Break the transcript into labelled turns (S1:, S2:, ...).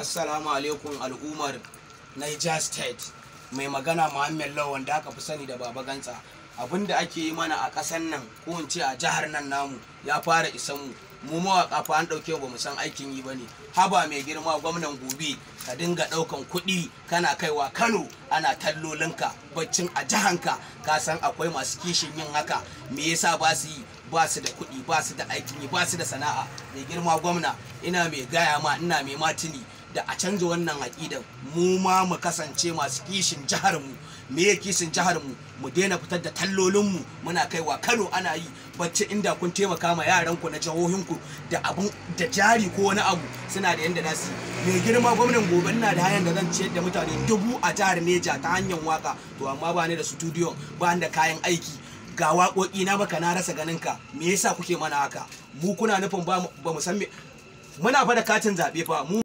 S1: assalamu alaikum al'ummar niger state mai magana muhammed lawan wanda aka fi sani da baba gantsa abin da ake yi mana a ƙasar nan ko in ce a jihar nan namu ya fara isan mu mu mawaƙa fa an ɗauke ba mu san aikin yi ba ne haba mai girma gwamnan gobe ka dinga ɗaukan kuɗi kana kaiwa kano ana tallolinka baccin a jihanka ka san akwai masu kishin yin haka me yasa ba su yi ba su da kuɗi ba su da aikin yi ba su da sana'a mai girma gwamna ina mai gaya ma ina mai matini da a canza wannan aƙidan mu ma mu kasance masu kishin jihar mu me ya kishin jihar mu mu daina fitar da tallolin mu muna kaiwa Kano ana yi bacci inda kun taimaka ma yaran ku na jihohinku ku da abu da jari ko wani abu suna da yanda nasu me girma gwamnan gobe ina da hayan da zan ciyar da mutane dubu a jihar Neja ta hanyar waka to amma ba ni da studio ba da kayan aiki ga waƙoƙi na baka na rasa ganin ka me yasa kuke mana haka mu kuna nufin ba mu san muna fa da katin zaɓe fa mu